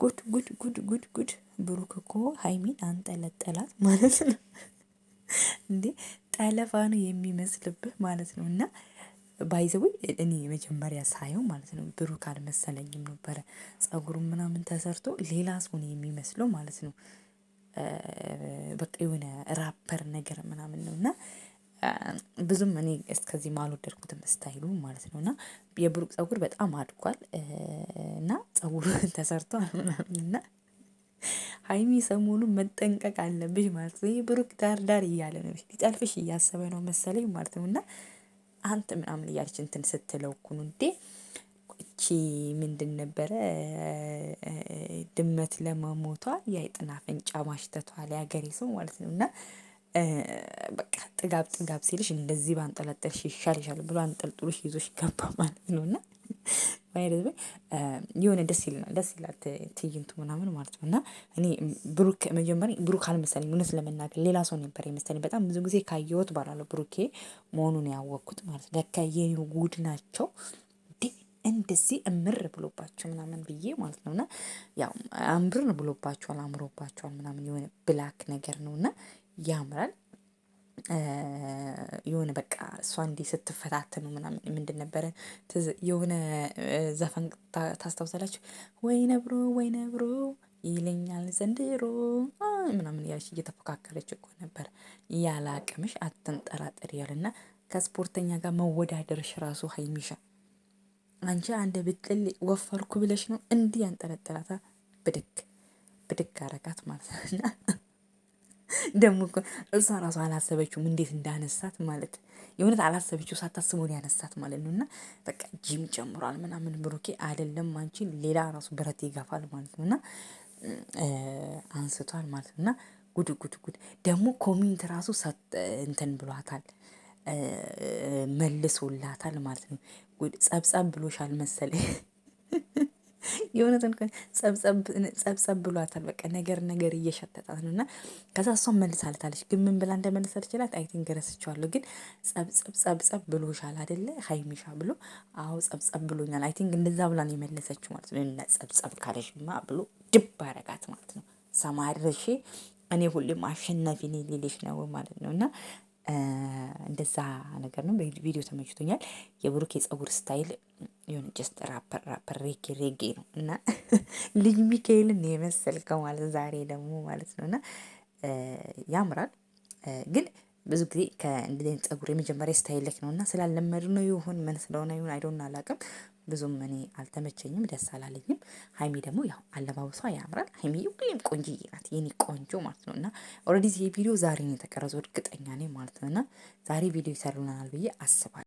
ጉድ ጉድ ጉድ ጉድ ጉድ! ብሩክ እኮ ሀይሚን አንጠለጠላት ማለት ነው እንዴ! ጠለፋ ነው የሚመስልብህ ማለት ነው። እና ባይዘዌ እኔ መጀመሪያ ሳየው ማለት ነው ብሩክ አልመሰለኝም ነበረ። ጸጉሩ ምናምን ተሰርቶ ሌላ ሰው ነው የሚመስለው ማለት ነው። በቃ የሆነ ራፐር ነገር ምናምን ነው እና ብዙም እኔ እስከዚህ ማልወደድኩትም ስታይሉ ማለት ነው። እና የብሩክ ጸጉር በጣም አድጓል እና ጸጉሩ ተሰርቷል ምናምን እና ሀይሚ ሰሞኑን መጠንቀቅ አለብሽ ማለት ነው። ብሩክ ዳር ዳር እያለ ነው ሊጠልፍሽ እያሰበ ነው መሰለኝ ማለት ነው። እና አንተ ምናምን እያለች እንትን ስትለው እኩኑ እንዴ እቺ ምንድን ነበረ ድመት ለመሞቷ የአይጥና አፍንጫ ማሽተቷል ያገሬ ሰው ማለት ነው እና በቃ ጥጋብ ጥጋብ ሲልሽ እንደዚህ ባንጠለጠልሽ ይሻል ይሻል ብሎ አንጠልጥሎሽ ይዞሽ ይገባ ማለት ነው። እና የሆነ ደስ ይልናል ደስ ይላል ትዕይንቱ ምናምን ማለት ነው። እና እኔ ብሩክ መጀመሪያ ብሩክ አልመሰለኝ፣ እውነት ለመናገር ሌላ ሰው ነበር የመሰለኝ። በጣም ብዙ ጊዜ ካየሁት ባላለሁ ብሩኬ መሆኑን ያወቅኩት ማለት ነው። ለካ የኔ ጉድ ናቸው እንደዚህ እምር ብሎባቸው ምናምን ብዬ ማለት ነው። እና ያው አምርን ብሎባቸዋል አምሮባቸዋል ምናምን የሆነ ብላክ ነገር ነው እና ያምራል። የሆነ በቃ እሷ እንዲ ስትፈታተኑ ምናምን ምንድን ነበረ የሆነ ዘፈን ታስታውሳላችሁ? ወይ ነብሮ ወይ ነብሮ ይለኛል ዘንድሮ ምናምን ያለች እየተፎካከረች እኮ ነበር። ያለ አቅምሽ አትንጠራጠር ያልና ከስፖርተኛ ጋር መወዳደርሽ ራሱ ሀይሚሻ አንቺ አንድ ብጥል ወፈርኩ ብለሽ ነው እንዲህ ያንጠረጠራታ? ብድግ ብድግ አረጋት ማለት ነውና ደግሞ እኮ እሷ ራሱ አላሰበችውም እንዴት እንዳነሳት ማለት የእውነት አላሰበችው ሳታስበውን ያነሳት ማለት ነው። እና በቃ ጂም ጨምሯል ምናምን ብሩኬ አይደለም አንቺ ሌላ ራሱ ብረት ይጋፋል ማለት ነው። እና አንስቷል ማለት ነው። እና ጉድ ጉድ ጉድ ደግሞ ኮሚንት ራሱ እንትን ብሏታል መልሶላታል ማለት ነው። ጸብጸብ ብሎሻል መሰለኝ የእውነትን ጸብጸብ ብሏታል። በቃ ነገር ነገር እየሸተጣት ነው እና ከዛ እሷም መልሳልታለች። ግን ምን ብላ እንደመለሰልች ችላት አይቲንግ ረስቸዋለሁ። ግን ጸብጸብ ጸብጸብ ብሎሻል አደለ ሀይሚሻ ብሎ አዎ ጸብጸብ ብሎኛል አይቲንግ እንደዛ ብላ ነው የመለሰችው ማለት ነው። እና ጸብጸብ ካለሽማ ብሎ ድብ አረጋት ማለት ነው። ሰማርሽ እኔ ሁሌም አሸናፊ ነኝ ሌሌሽ ነው ማለት ነው እና እንደዛ ነገር ነው። ቪዲዮ ተመችቶኛል። የብሩክ የጸጉር ስታይል የሆነ ጀስት ራፐር ራፐር ሬጌ ሬጌ ነው እና ልጅ ሚካኤልን የመሰልከው ማለት ዛሬ ደግሞ ማለት ነው እና ያምራል ግን ብዙ ጊዜ ከእንግዲህ ጸጉር የመጀመሪያ ስታይልክ ነው እና ስላለመድ ነው ይሁን ምን ስለሆነ ይሁን አይዶን አላቅም። ብዙም እኔ አልተመቸኝም፣ ደስ አላለኝም። ሀይሚ ደግሞ ያው አለባበሷ ያምራል። ሀይሚ ወይም ቆንጅዬ ናት፣ የኔ ቆንጆ ማለት ነው እና ኦልሬዲ ይሄ ቪዲዮ ዛሬ ነው የተቀረጸው እርግጠኛ ነኝ ማለት ነው እና ዛሬ ቪዲዮ ይሰሩናል ብዬ አስባለሁ።